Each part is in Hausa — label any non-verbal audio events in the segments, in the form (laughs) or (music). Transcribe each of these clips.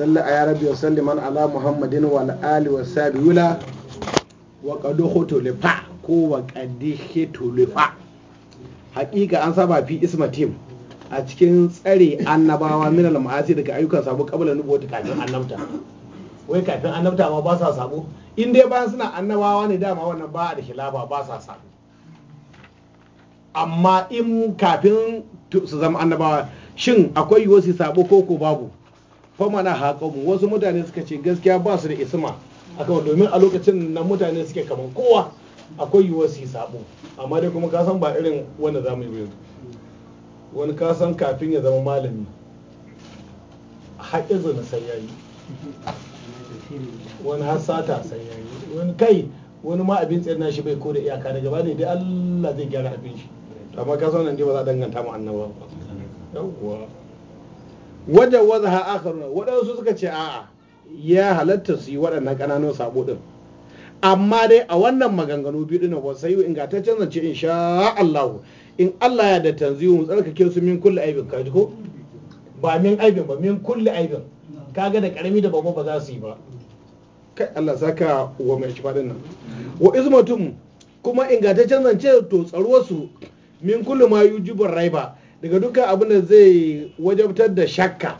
صلى يا ربي وسلم على محمد والآل وصحبه ولا وقد اختلفا كو وقد اختلفا حقيقة أن سبا في اسم تيم a cikin tsare annabawa min al-ma'asi daga ayyukan sabo kabla nubuwata kafin annabta wai kafin annabta ma ba sa sabo in dai bayan suna annabawa ne dama wannan ba da khilafa ba sa sabo amma in kafin su zama annabawa shin akwai yiwuwar su sabo ko ko babu famana mu wasu mutane suka ce gaskiya ba su da isma akan domin a lokacin nan mutane suke kaman kowa akwai yiwuwar su yi sabo amma dai kuma kasan ba irin wanda za mu yi yanzu wani kasan kafin ya zama malami haƙi zina sai ya yi wani hasata sai ya yi wani kai wani ma abin tsayar nashi bai koda iyaka daga gaba ne dai Allah zai gyara abin shi amma kasan nan dai ba za a danganta mu annaba ba yawwa wajen wanzu ha akharuna waɗansu suka ce a'a ya halatta su yi waɗannan ƙananan sabo ɗin. amma dai a wannan maganganu biyu ɗin wasu sai canza ce in sha Allahu in Allah ya da tanzihu mu tsarkake su min kulli aibin ka ji ko ba min aibin ba min kulli aibin kaga da karami da babba ba za su yi ba kai Allah saka wa mai shi faɗin nan wa izmatum kuma in canza ce to tsaruwarsu min kulli ma yujibu raiba daga dukkan abin da zai wajabtar da shakka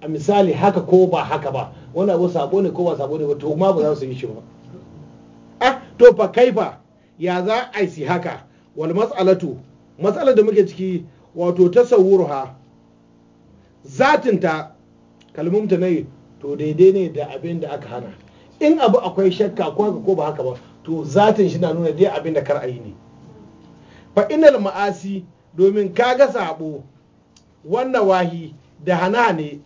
a misali haka ko ba haka ba Wannan abu sabo ne ko ba sabo ne ba to ma ba za su yi shi ba ah to fa kaifa ya za a yi haka wal mas'alatu matsalar da muke ciki wato tasawwurha zatinta kalmumta ne to daidai ne da abin da aka hana in abu akwai shakka ko haka ba haka ba to zatin shi na nuna dai abin da kar ayi yi ne fa inal ma'asi domin kaga sabo wannan wahi da hane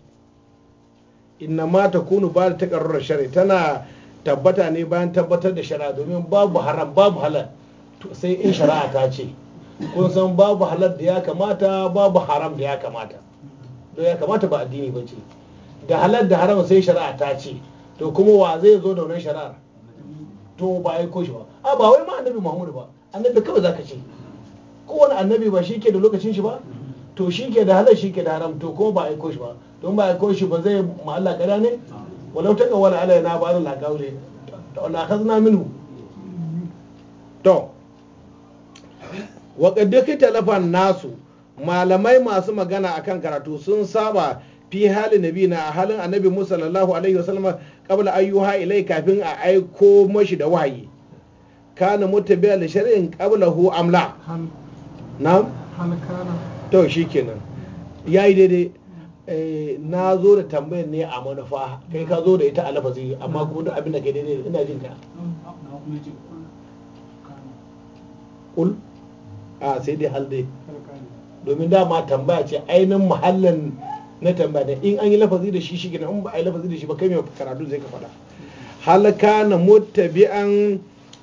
inna ma ta kunu ba da takarrar shari'a tana tabbata ne bayan tabbatar da shari'a domin babu haram babu halal to sai in shari'a ta ce kun san babu halal da ya kamata babu haram da ya kamata don ya kamata ba addini ba ce da halal da haram sai shari'a ta ce to kuma wa zai zo da wannan shari'ar to ba ya koshi ba a ba wai ma annabi muhammadu ba annabi kawai zaka ce kowane annabi ba shi ke da lokacin shi ba to shi ke da halar shi ke da haram to kuma ba aiko shi ba don ba aiko shi ba zai ma'alla kada ne walau ta ga wala na ba lagaure ta wala ka zina minu to wa ka talafan nasu malamai masu magana akan karatu sun saba fi halin nabi na halin annabi musa sallallahu alaihi wasallam qabla ayyuha ilai kafin a aiko mashi da wahayi kana mutabi'a li shar'in hu amla na to shi kenan ya yi daidai eh, na zo da tambayar ne a manufa kai ka zo da ita a lafazi amma kuma duk abin da ke daidai ina jin ka kul a sai dai hal dai domin dama tambaya ce ainihin muhallin na tambaya ne in an yi lafazi da shi shi gina in ba a yi lafazi da shi ba kai mai karatu zai ka faɗa halaka na mutabi'an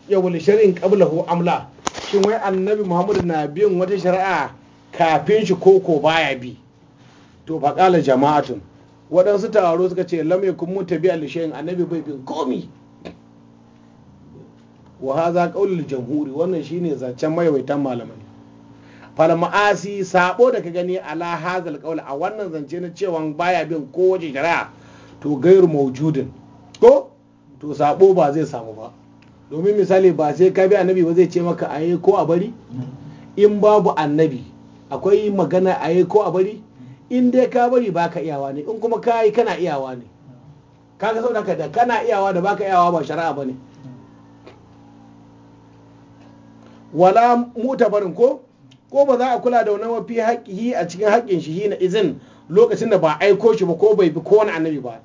yawon shari'in qablahu amla shin wai annabi muhammadu na bin wata shari'a kafin shi koko baya bi to faƙala jama'atun waɗansu taro suka ce lamai kun muta biya shayin annabi bai bin komi wa za ƙaunar jamhuri wannan shine zancen maiwaitan malamai Falma'asi, saɓo sabo da gani ala hazal qaul a wannan zance na cewa baya bin kowace shari'a to gairu maujudin ko to sabo ba zai samu ba domin misali ba sai ka bi annabi ba zai ce maka a ko a bari in babu annabi akwai magana aye ko a bari in dai ka bari ba ka iyawa ne in kuma ka yi kana iyawa ne Ka kaga sau da kana iyawa da baka iyawa ba shari'a ba ne wala barin ko ko ba za a kula da wani mafi haƙi a cikin haƙin shi hina izin lokacin da ba aiko shi ba ko bai bi kowane annabi ba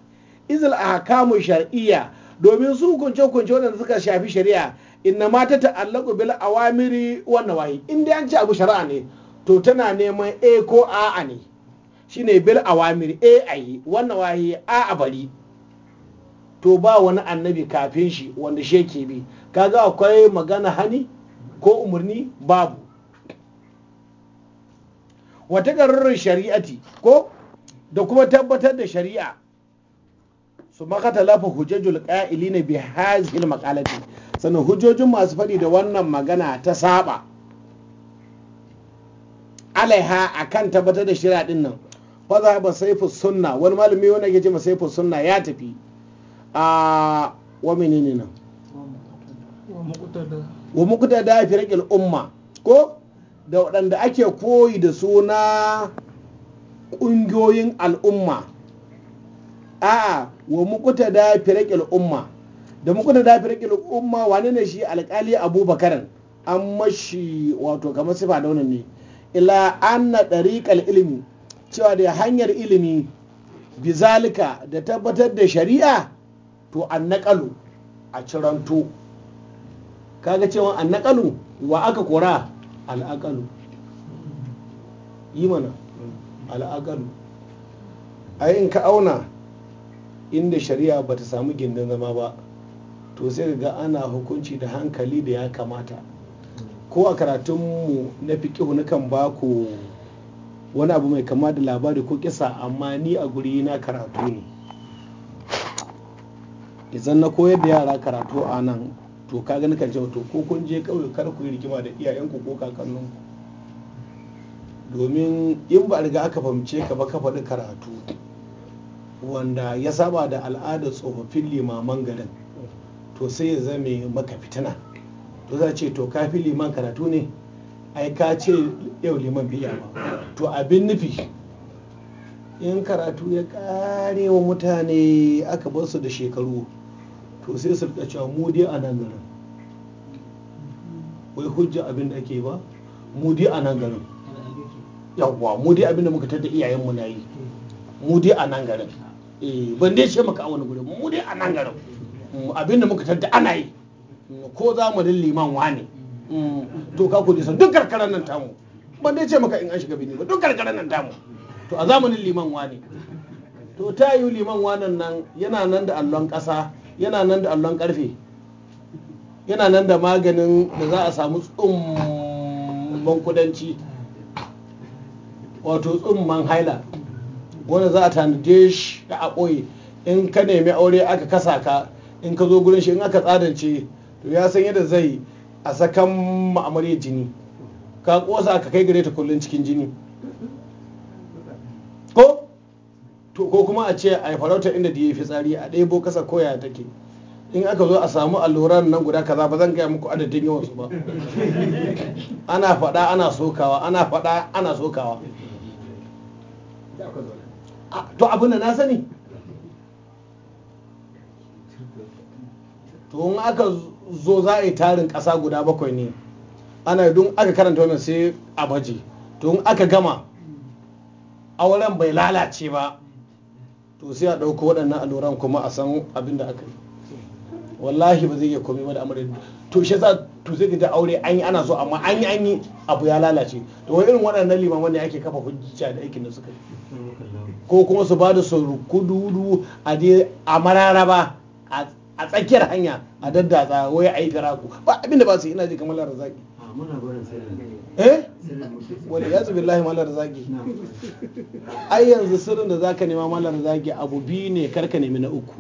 izil a ahkamu shar'iyya domin su hukunce hukunce wanda suka shafi shari'a inna ma ta ta'allaku bil awamiri wannan wahi in dai an ci abu shari'a ne to tana neman a ko a'a ne shine bil awamiri a ayi wannan wahi a bari to ba wani annabi kafin shi wanda shi yake bi kaga akwai magana hani ko umarni babu wata garurin shari'ati ko da kuma tabbatar da shari'a su makatala fa hujjajul biyar bi hazil maqalati sannan hujjojin masu faɗi da wannan magana ta saba alaiha akan tabbatar da shira din nan fa za ba saifu sunna wani malami wanda yake ce ma saifu sunna ya tafi a wa menene nan wa muqtada da fi raqil umma ko da waɗanda ake koyi da suna ƙungiyoyin al'umma a'a wa mukuta da firakil umma da mukuta da firakil umma wane ne shi alƙali abubakar an mashi wato kamar sifa da wannan ne ila anna dariqal ilmi cewa da hanyar ilimi bizalika da tabbatar da shari'a to an naƙalu a ciranto kaga cewa an wa aka kora Al'aqalu, yi mana al'aqalu ai in ka auna inda shari'a ba ta samu gindin zama ba to sai ga ana hukunci da hankali da ya kamata ko a karatunmu na fiƙihu na kan ba ku wani abu mai kama da labari ko kisa amma ni a guri na karatu ne idan na koyar da yara karatu a nan to ka gani kan to ko kun je kawai kar ku yi rigima da iyayenku ko kakanninku domin in ba riga aka fahimce ka ba ka faɗi karatu wanda ya saba da al'adar tsofaffin limaman garin to sai ya zame maka fitina to za ce to kafi liman karatu ne ai ka ce yau liman biya ba to abin nufi in karatu ya kare wa mutane aka bar su da shekaru to sai su rika cewa mu dai a nan garin wai hujja abin da ake ba mu dai a nan garin yawwa mu dai abin da muka tattaki iyayenmu na yi mu dai a nan garin Eh, ban dai ce maka a wani guri mu dai a nan garin mm, abinda muka tadda ana yi mm, ko za mu liman wani to mm, ka ku nisa duk karkarar nan tamu ban dai ce maka in an shiga bini ba duk karkarar nan tamu to a zamanin liman wani to ta yi liman wanan nan yana nan da allon ƙasa yana nan da allon ƙarfe yana nan da maganin da za a samu tsumman kudanci wato tsumman haila wanda za a tanade shi a ɓoye in ka nemi aure aka kasa ka in ka zo gurin shi in aka tsadance to ya san yadda zai a sakan ma'amari jini ka kosa ka kai gare ta kullun cikin jini ko kuma a ce a farauta inda da ya fi tsari a ɗebo kasa koya take in aka zo a samu alluran nan guda kaza ba zan gaya muku adadin yawansu ba (laughs) ana faɗa ana sokawa ana faɗa ana sokawa to abin da na sani to in aka zo za a yi tarin ƙasa guda bakwai ne ana don aka karanta wannan sai a baje to in aka gama auren bai lalace ba to sai a ɗauko waɗannan alluran kuma a san abin da aka yi wallahi ba zai iya komai ba da amarin to shi za to sai da aure an yi ana so amma an yi an yi abu ya lalace to wai irin waɗannan limaman ne ake kafa hujja da aikin da suka yi ko kuma su ba da su kududu a je a mararaba a tsakiyar hanya a daddatsa wai a yi garaku ba abinda ba su yi ina ji kamar zaki eh wani ya zubi lahi malar zaki ai yanzu sirrin da zaka nema malar zaki abu biyu ne karka nemi na uku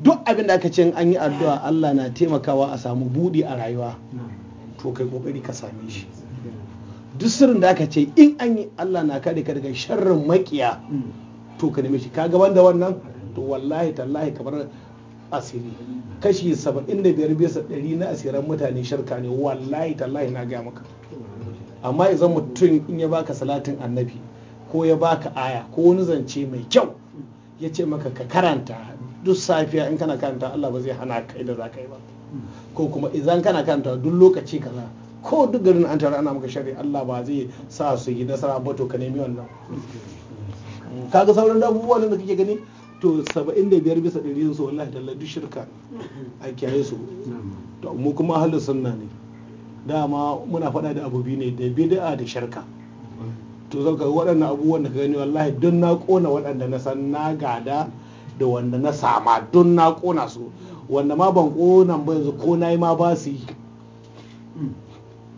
duk abin da aka ce an yi addu'a Allah na taimakawa a samu buɗi a rayuwa to kai kokari ka same shi duk sirrin da aka ce in an yi Allah na kare ka daga sharrin makiya to ka nemi shi ka gaban da wannan to wallahi tallahi kamar asiri kashi 75 bisa 100 na asiran mutane sharka ne wallahi tallahi na gaya maka amma idan mutum in ya baka salatin annabi ko ya baka aya ko wani zance mai kyau ya ce maka ka karanta duk safiya in kana kanta Allah ba zai hana kai da za ka yi ba ko kuma idan kana kanta duk lokaci kaza ko duk garin an tara ana maka shari Allah ba zai sa su yi nasara ba to ka nemi wannan kaga sauran abubuwan da kake gani to 75 bisa 100 su wallahi talla duk shirka a kiyaye su to mu kuma ahlus sunna ne dama muna faɗa da abubi ne da bid'a da shirka to zaka waɗannan abubuwan da ka gani wallahi don na kona waɗanda na san na gada da wanda na sama don na kona su wanda ma ban kona ba yanzu ko na yi ma ba su yi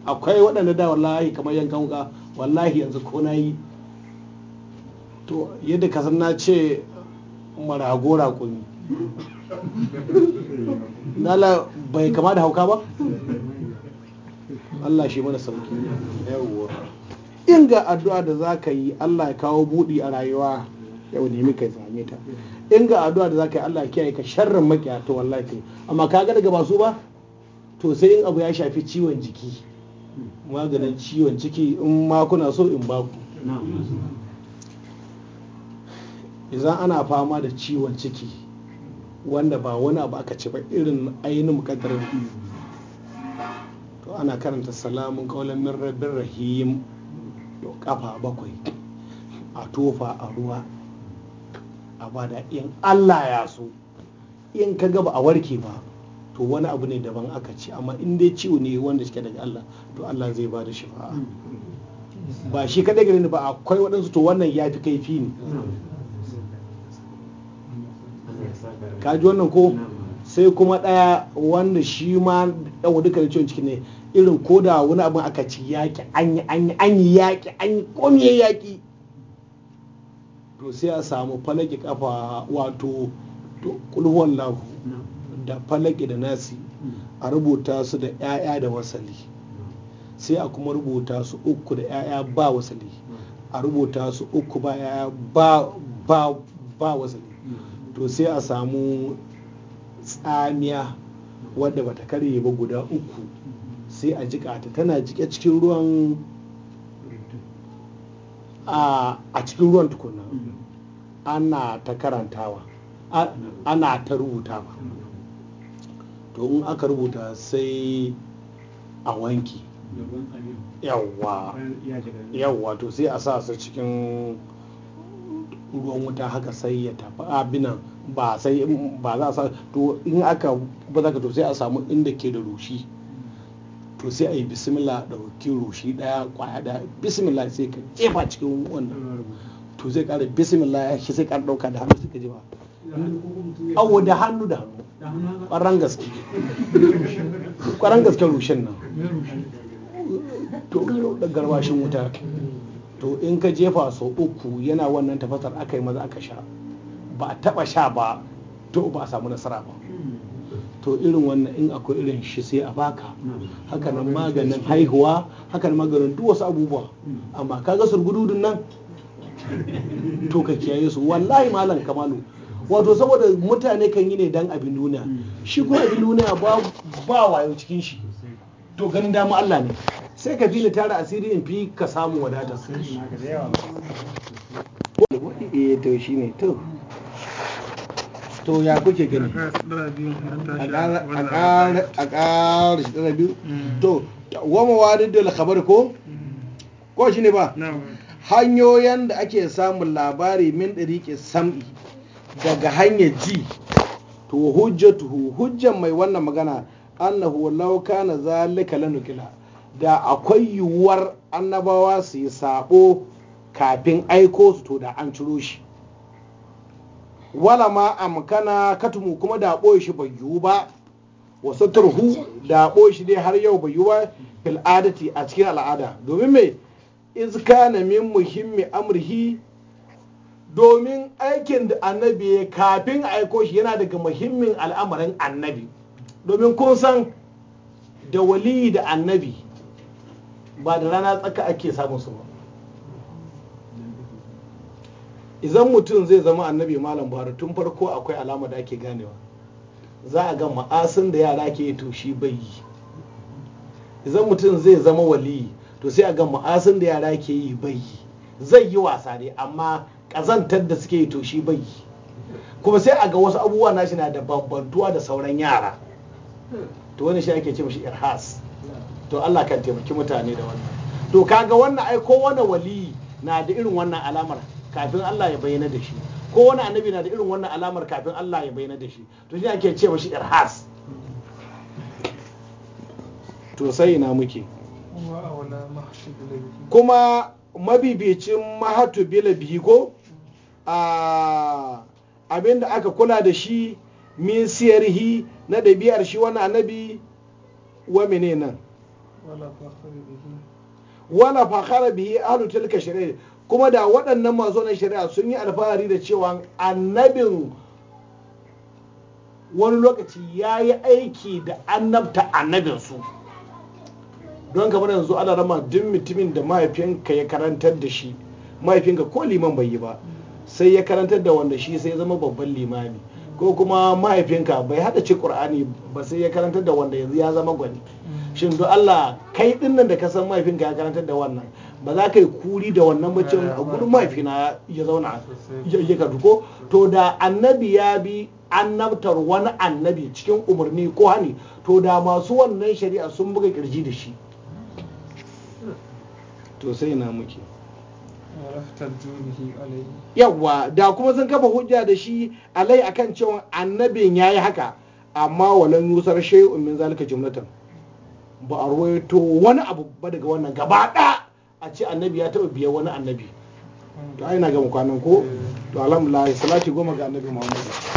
akwai waɗanda da wallahi kamar yan kanka wallahi yanzu ko na yi to yadda ka san na ce maragora raƙumi nala bai kama da hauka ba Allah shi mana sauki yawwa inga addu'a da za ka yi Allah ya kawo buɗi a rayuwa yau nemi ka same ta in ga addu'a da zaka yi Allah kiyaye ka sharrin makiya to wallahi kai amma ka ga daga basu ba to sai in abu ya shafi ciwon jiki maganin ciwon ciki in ma kuna so in ba ku. idan ana fama da ciwon ciki wanda ba wani abu aka ci ba irin ainihin mukaddarin to ana karanta salamun kaulan min rabbin rahim kafa bakwai a tofa a ruwa amma da in Allah ya so in ka gaba a warke ba to wani abu ne daban aka ci amma in dai ciwo ne wanda shi daga Allah to Allah zai ba da shifa ba shi kadai gare ni ba akwai waɗansu to wannan ya fi kaifi ne ka ji wannan ko sai kuma ɗaya wanda shi ma ɗan duka da ciwon ciki ne irin ko da wani abin aka ci yaƙi an yi an yi an yi yaƙi an yi komi yaƙi to sai a samu falaki kafa wato kulhuwan da falaki da nasi a rubuta su da 'ya'ya da wasali sai a kuma rubuta su uku da 'ya'ya ba wasali a rubuta su uku ba 'ya'ya ba wasali to sai a samu tsamiya wadda bata karye ba guda uku sai a jika ta tana jike cikin ruwan a cikin ruwan tukuna ana ta karantawa ana ta rubutawa to in aka rubuta sai a wanki yawwa yawwa to sai a sa su cikin ruwan wuta haka sai ya tafi abinan ba sai ba za a sa to in aka ba za ka to sai a samu inda ke da rushi to sai a yi bismillah ɗauki roshi ɗaya kwaya ɗaya bismillah sai ka jefa cikin wannan to zai ƙara bismillah ya shi sai ƙara ɗauka da hannu suka jefa awo da hannu da hannu ƙwaran gaske ƙwaran gaske nan to da garbashin wuta to in ka jefa sau uku yana wannan tafasar aka yi maza aka sha ba a taɓa sha ba to ba a samu nasara ba to irin wannan in akwai irin shi sai a baka mm. hakanan maganin haihuwa hakanan maganin duk wasu abubuwa mm. amma kaga surgududun nan to ka kiyaye su wallahi malam kamalu wato saboda mutane kan yi ne dan abin duniya mm. shi kuma abin duniya ba ba wayo cikin shi to ganin dama Allah ne sai ka fili tara asiri in fi ka samu wadata eh to shine to to ya kuke gani a ƙara shi ɗara biyu mm. to wama da lakabar ko mm. ko shi ne ba hanyoyin da ake samun labari min ke sam'i daga hanyar ji to hujjatuhu hujjan mai wannan magana annahu lauka na zalika lanukila da akwai yiwuwar annabawa su yi sabo kafin aiko su to da an ciro shi wala ma amkana katumu kuma da ɓoye shi bai yiwu ba wasu turhu da ɓoye shi dai har yau bai yiwu ba fil a cikin al'ada domin mai iz kana min muhimmi amrihi domin aikin da annabi ya kafin aiko shi yana daga muhimmin al'amarin annabi domin kun san da waliyi da annabi ba da rana tsaka ake samun su ba idan mutum zai zama annabi malam buhari tun farko akwai alama da ake ganewa za a ga ma'asin da yara ke to shi bai yi idan mutum zai zama wali, to sai a ga ma'asin da yara ke yi bai yi zai yi wasa ne amma ƙazantar da suke yi to shi bai yi kuma sai a ga wasu abubuwa shi na da bambantuwa da sauran yara to wani shi ake ce mashi irhas to Allah kan taimaki mutane da wannan to kaga wannan ai ko wani wali na da irin wannan alamar kafin Allah ya bayyana da shi ko wani annabi na da irin wannan alamar kafin Allah ya bayyana da shi to shi ake ce mashi irhas to sai ina muke kuma mabibicin mahatu bila bigo a abinda aka kula da shi min siyarhi na ɗabi'ar shi wani annabi wa menene nan wala fakhara bihi ahlu tilka shari'a kuma da waɗannan masu wannan shari'a sun yi alfahari da cewa annabin wani lokaci ya yi aiki da annabta annabinsu don kamar yanzu ana rama duk mutumin da mahaifinka ya karantar da shi mahaifinka ko liman bai yi ba sai ya karantar da wanda shi sai zama babban limami ko kuma mahaifinka bai hada ci qur'ani ba sai ya karantar da wanda yanzu ya zama gwani shin don allah kai dinnan da ka san mahaifinka ya karantar da wannan ba za ka yi kuri da wannan mace eh, a gudun mahaifina ya zauna ya ka duko to da annabi ya bi annabtar wani annabi cikin umarni ko hani to da masu wannan shari'a sun buga kirji da shi to sai na muke yawwa da kuma sun kafa hujja da shi alai akan cewa annabin ya yi haka amma walan yusar shay'un min zalika jumlatan ba a ruwaito wani abu ba daga wannan gaba a ce annabi ya taɓa biya wani annabi to ai na gama kwanan ko to alhamdulillah salati goma ga annabi muhammadu